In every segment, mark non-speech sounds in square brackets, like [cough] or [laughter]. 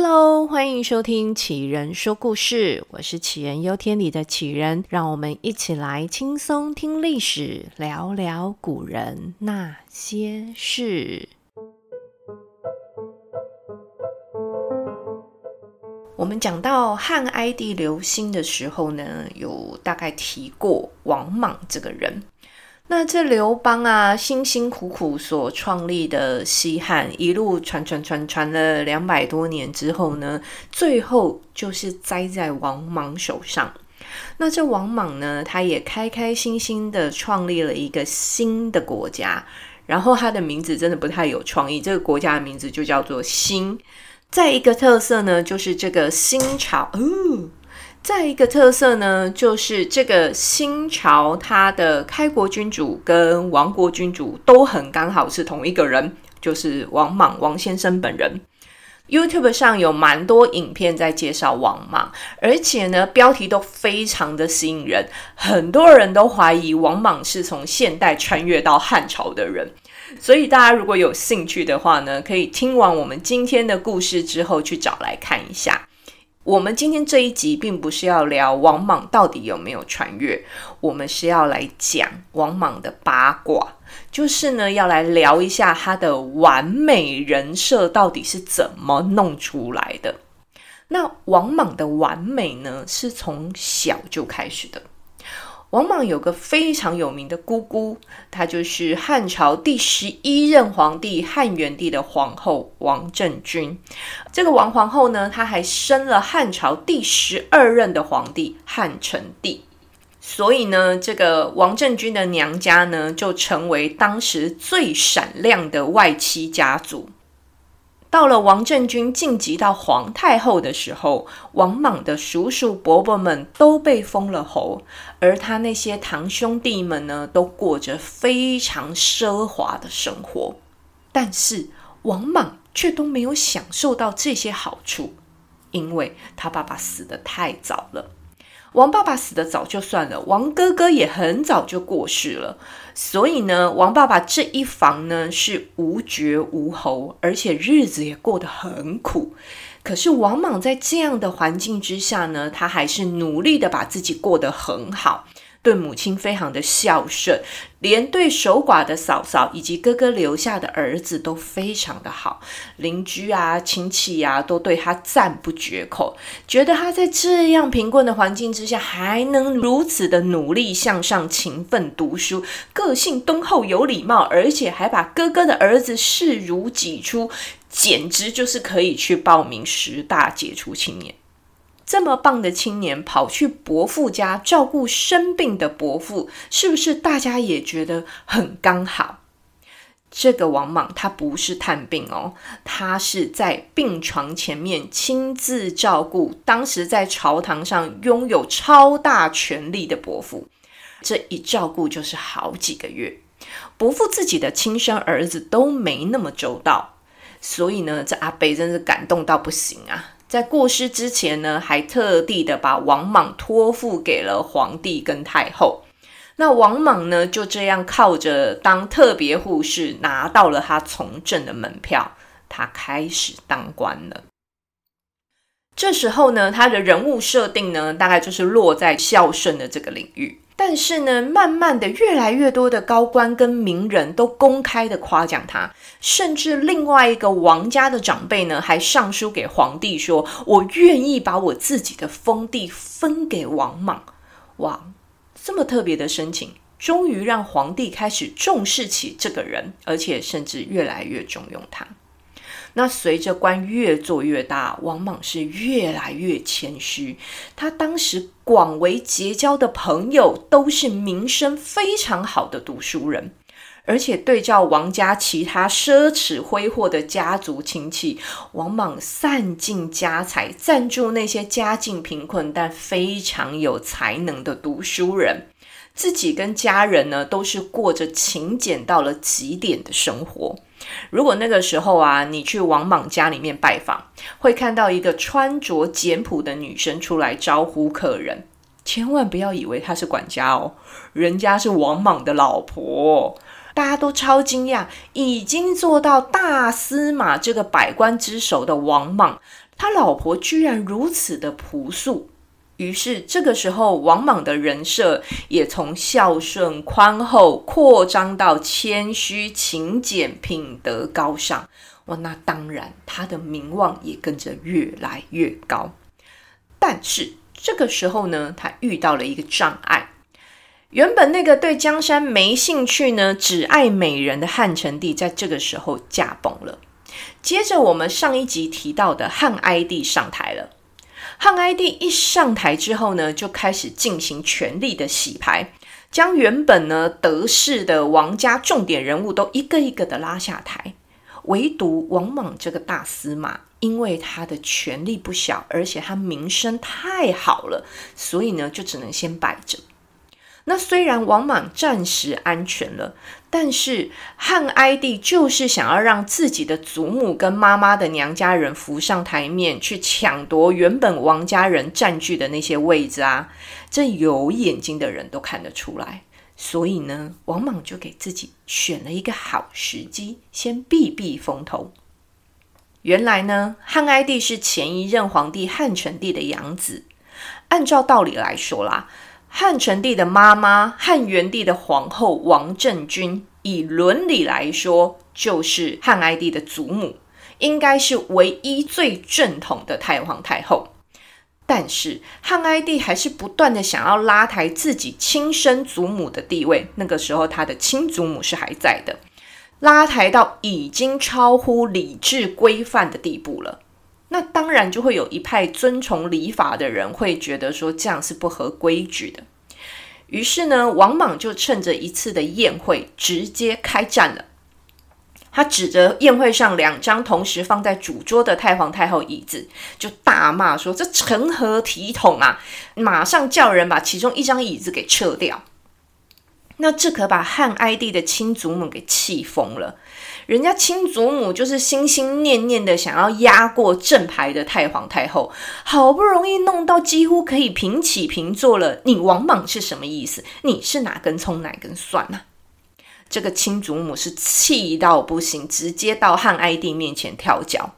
Hello，歡迎收聽《杞人說故事》，我是《杞人憂天》裡的杞人，讓我們一起來輕鬆聽歷史，聊聊古人那些事。我們講到漢哀帝劉欣的時候呢，有大概提過王莽這個人。那這劉邦啊，辛辛苦苦所創立的西漢，一路傳傳傳傳了兩百多年之後呢，最後就是栽在王莽手上。那這王莽呢，他也開開心心的創立了一個新的國家，然後他的名字真的不太有創意，這個國家的名字就叫做新。再一個特色呢，就是這個新朝，哦。再一個特色呢，就是這個新朝，它的開國君主跟亡國君主都很剛好是同一個人，就是王莽王先生本人。YouTube 上有蠻多影片在介紹王莽，而且呢，標題都非常的吸引人，很多人都懷疑王莽是從現代穿越到漢朝的人。所以大家如果有興趣的話呢，可以聽完我們今天的故事之後去找來看一下。我們今天這一集並不是要聊王莽到底有沒有穿越，我們是要來講王莽的八卦，就是呢，要來聊一下他的完美人設到底是怎麼弄出來的。那王莽的完美呢，是從小就開始的。王莽有個非常有名的姑姑，她就是漢朝第十一任皇帝漢元帝的皇后王政君。這個王皇後呢，她還生了漢朝第十二任的皇帝漢成帝。所以呢，這個王政君的娘家呢，就成為當時最閃亮的外戚家族。到了王政君晉級到皇太後的時候，王莽的叔叔伯伯們都被封了侯，而他那些堂兄弟們呢，都過着非常奢華的生活，但是王莽卻都沒有享受到這些好處，因為他爸爸死得太早了。王爸爸死的早就算了，王哥哥也很早就過世了，所以呢，王爸爸這一房呢是無爵無侯，而且日子也過得很苦。可是王莽在這樣的環境之下呢，他還是努力的把自己過得很好。對母親非常的孝順，連對守寡的嫂嫂以及哥哥留下的兒子都非常的好，鄰居啊、親戚啊都對他贊不絕口，覺得他在這樣貧困的環境之下還能如此的努力向上、勤奮讀書，個性敦厚有禮貌，而且還把哥哥的兒子視如己出，簡直就是可以去報名十大傑出青年。這麼棒的青年跑去伯父家照顧生病的伯父，是不是大家也覺得很剛好？這個王莽他不是探病哦，他是在病床前面親自照顧當時在朝堂上擁有超大權力的伯父。這一照顧就是好幾個月，伯父自己的親生兒子都沒那麼周到，所以呢，這阿北真是感動到不行啊！在過世之前呢，還特地的把王莽托付給了皇帝跟太後。那王莽呢，就這樣靠着當特別護士拿到了他從政的門票，他開始當官了。這時候呢，他的人物設定呢，大概就是落在孝順的這個領域。但是呢，慢慢的，越來越多的高官跟名人都公開的誇獎他，甚至另外一個王家的長輩呢，還上書給皇帝說：“我願意把我自己的封地分給王莽。”哇，這麼特別的申請，終於讓皇帝開始重視起這個人，而且甚至越來越重用他。那隨着官越做越大，王莽是越來越謙虛。他當時廣為結交的朋友都是名聲非常好的讀書人，而且對照王家其他奢侈揮霍的家族親戚，王莽散盡家財贊助那些家境貧困但非常有才能的讀書人，自己跟家人呢都是過着勤儉到了極點的生活。如果那個時候啊，你去王莽家裡面拜訪，會看到一個穿着簡樸的女生出來招呼客人。千萬不要以為她是管家哦，人家是王莽的老婆。大家都超驚訝，已經做到大司馬這個百官之首的王莽，他老婆居然如此的樸素。於是，這個時候，王莽的人設也從孝順、寬厚擴張到謙虛、勤儉、品德高尚。哇，那當然，他的名望也跟着越來越高。但是，這個時候呢，他遇到了一個障礙。原本那個對江山沒興趣呢，只愛美人的漢成帝，在這個時候駕崩了。接着，我們上一集提到的漢哀帝上台了。漢哀帝一上台之後呢，就開始進行權力的洗牌，將原本呢得勢的王家重點人物都一個一個的拉下台，唯獨王莽這個大司馬，因為他的權力不小，而且他名聲太好了，所以呢就只能先擺着。那雖然王莽暫時安全了，但是漢哀帝就是想要讓自己的祖母跟媽媽的娘家人扶上台面，去搶奪原本王家人佔據的那些位置啊！這有眼睛的人都看得出來。所以呢，王莽就給自己選了一個好時機，先避避風頭。原來呢，漢哀帝是前一任皇帝漢成帝的養子，按照道理來說啦。漢成帝的媽媽漢元帝的皇后王政君，以倫理來說，就是漢哀帝的祖母，應該是唯一最正統的太皇太後。但是漢哀帝還是不斷的想要拉抬自己親生祖母的地位。那個時候他的親祖母是還在的，拉抬到已經超乎禮制規範的地步了。那當然就會有一派遵從禮法的人會覺得說這樣是不合規矩的。於是呢，王莽就趁着一次的宴會直接開戰了。他指着宴會上兩張同時放在主桌的太皇太后椅子，就大罵說：“這成何體統啊！”馬上叫人把其中一張椅子給撤掉。那這可把漢哀帝的親祖母給氣瘋了。人家親祖母就是心心念念的想要壓過正牌的太皇太後，好不容易弄到幾乎可以平起平坐了，你王莽是什麼意思？你是哪根蔥哪根蒜啊？這個親祖母是氣到不行，直接到漢哀帝面前跳腳。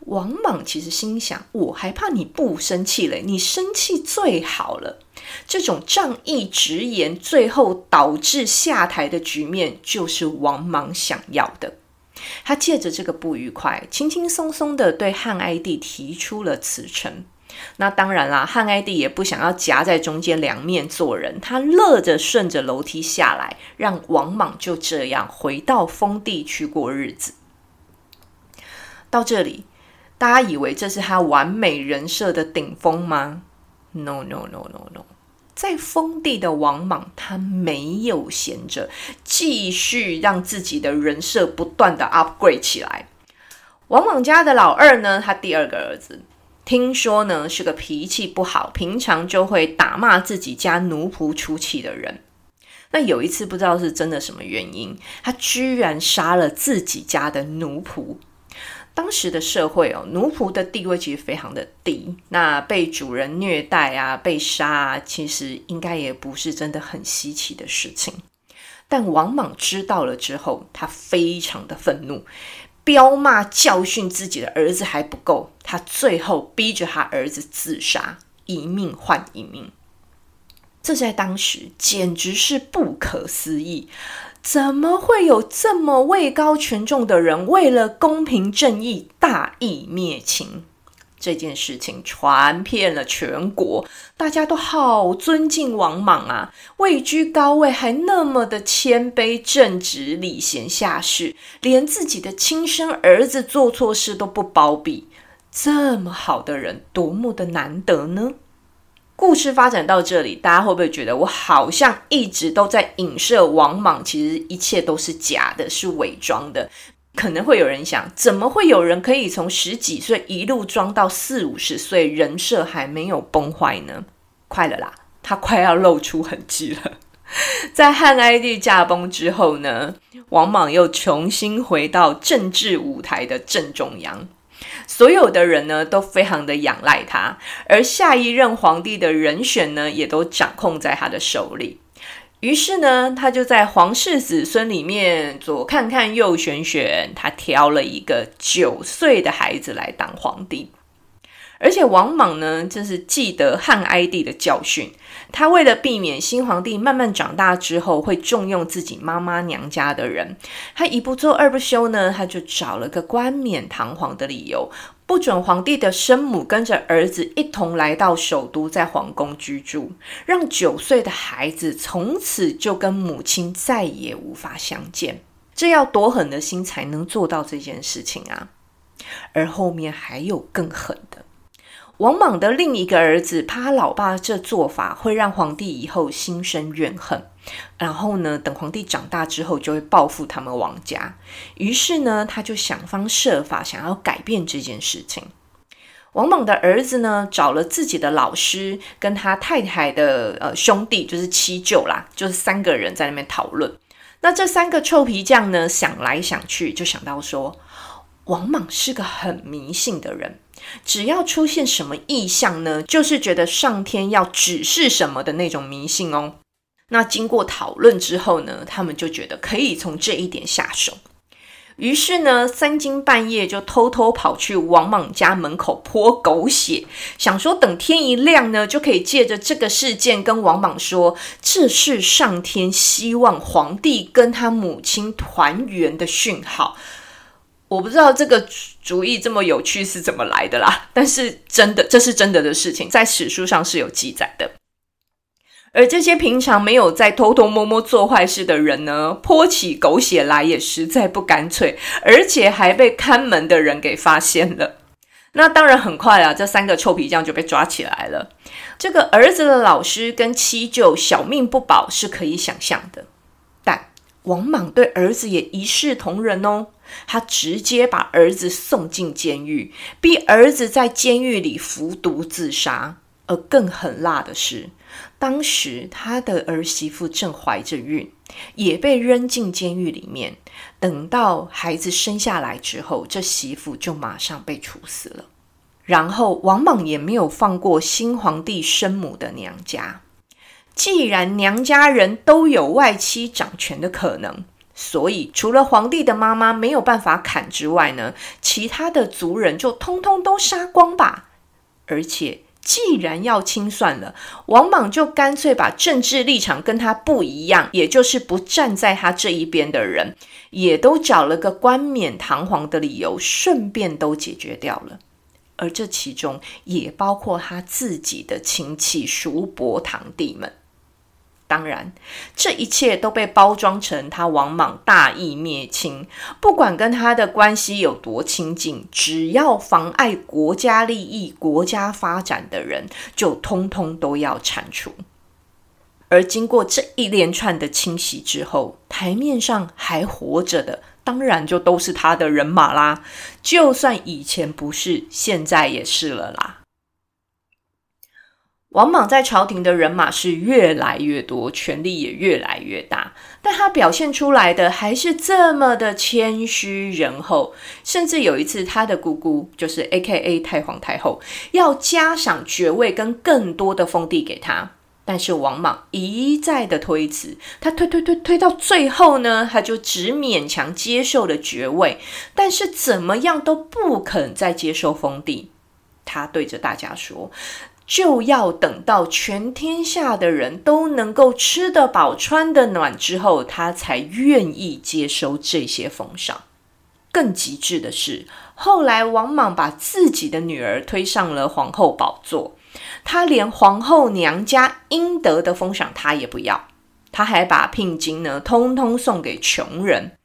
王莽其實心想，我還怕你不生氣嘞，你生氣最好了。這種仗義執言，最後導致下台的局面，就是王莽想要的。他借着這個不愉快，輕輕鬆鬆的對漢哀帝提出了辭呈。那當然啦，漢哀帝也不想要夾在中間兩面做人，他樂着順着樓梯下來，讓王莽就這樣回到封地去過日子。到這裡。大家以為這是他完美人設的頂峰嗎？No, no, no, no, no，在封地的王莽，他沒有閒着，繼續讓自己的人設不斷的 upgrade 起來。王莽家的老二呢，他第二個兒子，聽說呢是個脾氣不好，平常就會打罵自己家奴僕出氣的人。那有一次不知道是真的什麼原因，他居然殺了自己家的奴僕。當時的社會哦，奴僕的地位其實非常的低，那被主人虐待啊，被殺啊，其實應該也不是真的很稀奇的事情。但王莽知道了之後，他非常的憤怒，飆罵教訓自己的兒子還不夠，他最後逼着他兒子自殺，一命換一命，這在當時簡直是不可思議。怎麼會有這麼位高權重的人，為了公平正義，大義滅親？這件事情傳遍了全國，大家都好尊敬王莽啊。位居高位，還那麼的謙卑正直，禮賢下士，連自己的親生兒子做錯事都不包庇。這麼好的人，多麼的難得呢？故事發展到這裡，大家會不會覺得我好像一直都在影射王莽？其實一切都是假的，是偽裝的。可能會有人想，怎麼會有人可以從十幾歲一路裝到四五十歲，人設還沒有崩壞呢？快了啦，他快要露出痕跡了。 [laughs] 在漢哀帝駕崩之後呢，王莽又重新回到政治舞台的正中央。所有的人呢，都非常的仰賴他，而下一任皇帝的人選呢，也都掌控在他的手裡。於是呢，他就在皇室子孫裡面左看看右選選，他挑了一個九歲的孩子來當皇帝。而且王莽呢，就是記得漢哀帝的教訓。他為了避免新皇帝慢慢長大之後會重用自己媽媽娘家的人，他一不做二不休呢，他就找了個冠冕堂皇的理由，不准皇帝的生母跟着兒子一同來到首都，在皇宮居住，讓九歲的孩子從此就跟母親再也無法相見。這要多狠的心才能做到這件事情啊？而後面還有更狠的。王莽的另一個兒子怕他老爸這做法會讓皇帝以後心生怨恨，然後呢，等皇帝長大之後就會報復他們王家。於是呢，他就想方設法想要改變這件事情。王莽的兒子呢，找了自己的老師，跟他太太的呃兄弟，就是妻舅啦，就是三個人在那邊討論。那這三個臭皮匠呢，想來想去就想到說，王莽是個很迷信的人，只要出現什麼異象呢，就是覺得上天要指示什麼的那種迷信哦。那經過討論之後呢，他們就覺得可以從這一點下手。於是呢，三更半夜就偷偷跑去王莽家門口潑狗血，想說等天一亮呢，就可以借着這個事件跟王莽說，這是上天希望皇帝跟他母親團圓的訊號。我不知道這個主意這麼有趣是怎麼來的啦，但是真的，這是真的的事情，在史書上是有記載的。而這些平常沒有在偷偷摸摸做壞事的人呢，潑起狗血來也實在不乾脆，而且還被看門的人給發現了。那當然很快啊，這三個臭皮匠就被抓起來了。這個兒子的老師跟妻舅小命不保是可以想象的。王莽對兒子也一視同仁哦，他直接把兒子送進監獄，逼兒子在監獄裡服毒自殺。而更狠辣的是，當時他的兒媳婦正懷着孕，也被扔進監獄裡面。等到孩子生下來之後，這媳婦就馬上被處死了。然後王莽也沒有放過新皇帝生母的娘家。既然娘家人都有外戚掌權的可能，所以除了皇帝的媽媽沒有辦法砍之外呢，其他的族人就通通都殺光吧。而且既然要清算了，王莽就乾脆把政治立場跟他不一樣，也就是不站在他這一邊的人，也都找了個冠冕堂皇的理由，順便都解決掉了。而這其中也包括他自己的親戚、叔伯、堂弟們。當然，這一切都被包裝成他王莽大義滅親。不管跟他的關係有多親近，只要妨礙國家利益、國家發展的人，就通通都要鏟除。而經過這一連串的清洗之後，台面上還活着的，當然就都是他的人馬啦。就算以前不是，現在也是了啦。王莽在朝廷的人馬是越來越多，權力也越來越大，但他表現出來的還是這麼的謙虛仁厚。甚至有一次，他的姑姑就是 AKA 太皇太后要加賞爵位跟更多的封地給他，但是王莽一再的推辭，他推推推推到最後呢，他就只勉強接受了爵位，但是怎麼樣都不肯再接受封地。他對着大家說。就要等到全天下的人都能夠吃得飽、穿得暖之後，他才願意接收這些封賞。更極致的是，後來王莽把自己的女兒推上了皇后寶座，他連皇後娘家應得的封賞他也不要，他還把聘金呢，通通送給窮人。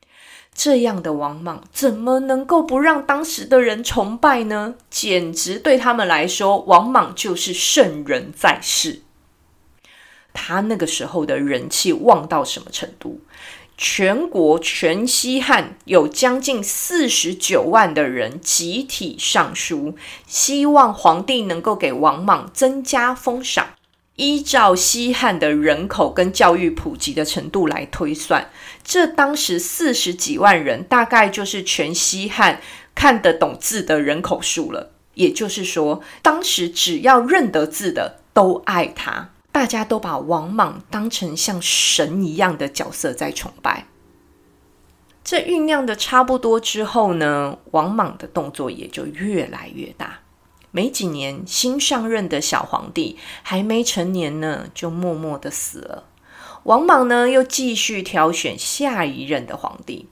這樣的王莽怎麼能夠不讓當時的人崇拜呢？簡直對他們來說，王莽就是聖人在世。他那個時候的人氣旺到什麼程度？全國全西漢有將近四十九萬的人集體上書，希望皇帝能夠給王莽增加封賞。依照西漢的人口跟教育普及的程度來推算，這當時四十幾萬人，大概就是全西漢看得懂字的人口數了。也就是說，當時只要認得字的都愛他，大家都把王莽當成像神一樣的角色在崇拜。這醞釀的差不多之後呢，王莽的動作也就越來越大。沒幾年，新上任的小皇帝還沒成年呢，就默默的死了。王莽呢，又繼續挑選下一任的皇帝。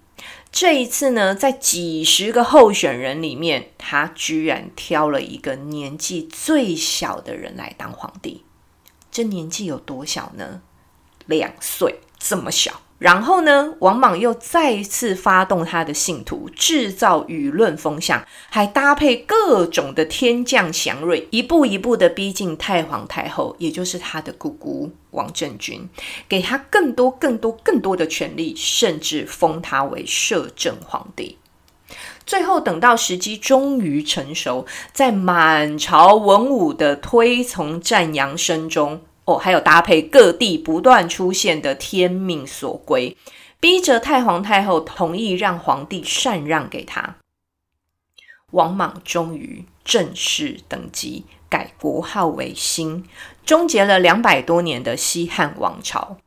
這一次呢，在幾十個候選人裡面，他居然挑了一個年紀最小的人來當皇帝。這年紀有多小呢？兩歲，這麼小。然後呢，王莽又再次發動他的信徒，制造輿論風向，還搭配各種的天降祥瑞，一步一步的逼近太皇太後，也就是他的姑姑王政君，給他更多、更多、更多的權力，甚至封他為攝政皇帝。最後等到時機終於成熟，在滿朝文武的推崇讚揚聲中。哦、還有搭配各地不斷出現的天命所歸，逼着太皇太后同意讓皇帝禪讓給他。王莽終於正式登基，改國號為新，終結了兩百多年的西漢王朝。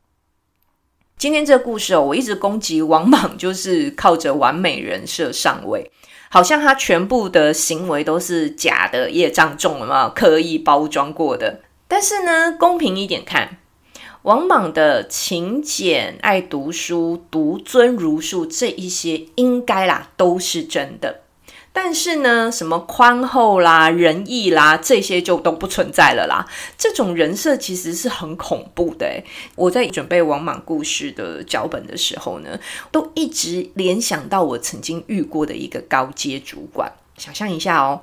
今天這個故事哦，我一直攻擊王莽，就是靠着完美人設上位，好像他全部的行為都是假的，業障重了嗎？刻意包裝過的。但是呢，公平一點看，王莽的勤儉、愛讀書、獨尊儒術這一些，應該啦，都是真的。但是呢，什麼寬厚啦、仁義啦，這些就都不存在了啦。這種人設其實是很恐怖的。我在準備王莽故事的腳本的時候呢，都一直聯想到我曾經遇過的一個高階主管。想象一下哦。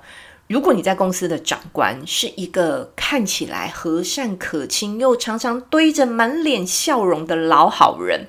如果你在公司的長官是一個看起來和善可親，又常常堆着滿臉笑容的老好人。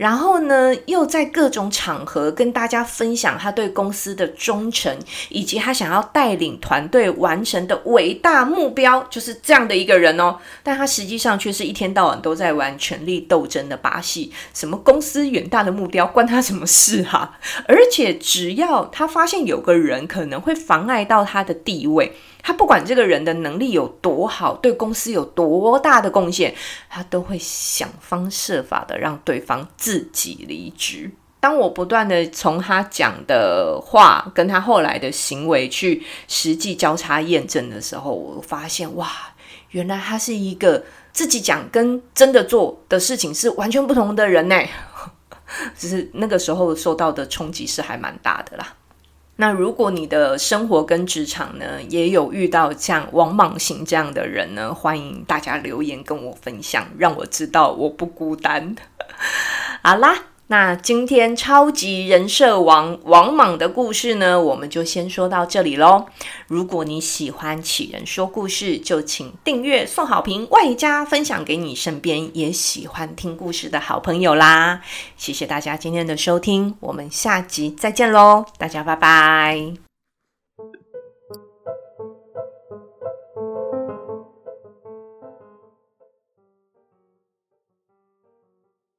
然後呢，又在各種場合跟大家分享他對公司的忠誠，以及他想要帶領團隊完成的偉大目標，就是這樣的一個人哦。但他實際上卻是一天到晚都在玩權力鬥爭的把戲。什麼公司遠大的目標，關他什麼事啊？而且只要他發現有個人可能會妨礙到他的地位，他不管這個人的能力有多好，對公司有多大的貢獻，他都會想方設法的讓對方自。自己離職。當我不斷的從他講的話，跟他後來的行為去實際交叉驗證的時候，我發現哇，原來他是一個自己講跟真的做的事情是完全不同的人呢。只是那個時候受到的衝擊是還蠻大的啦。那如果你的生活跟職場呢也有遇到像王莽型這樣的人呢，歡迎大家留言跟我分享，讓我知道我不孤單。好啦，那今天超級人設王王莽的故事呢，我們就先說到這裡嘍。如果你喜歡杞人說故事，就請訂閱、送好評，外加分享給你身邊也喜歡聽故事的好朋友啦。謝謝大家今天的收聽，我們下集再見嘍，大家拜拜。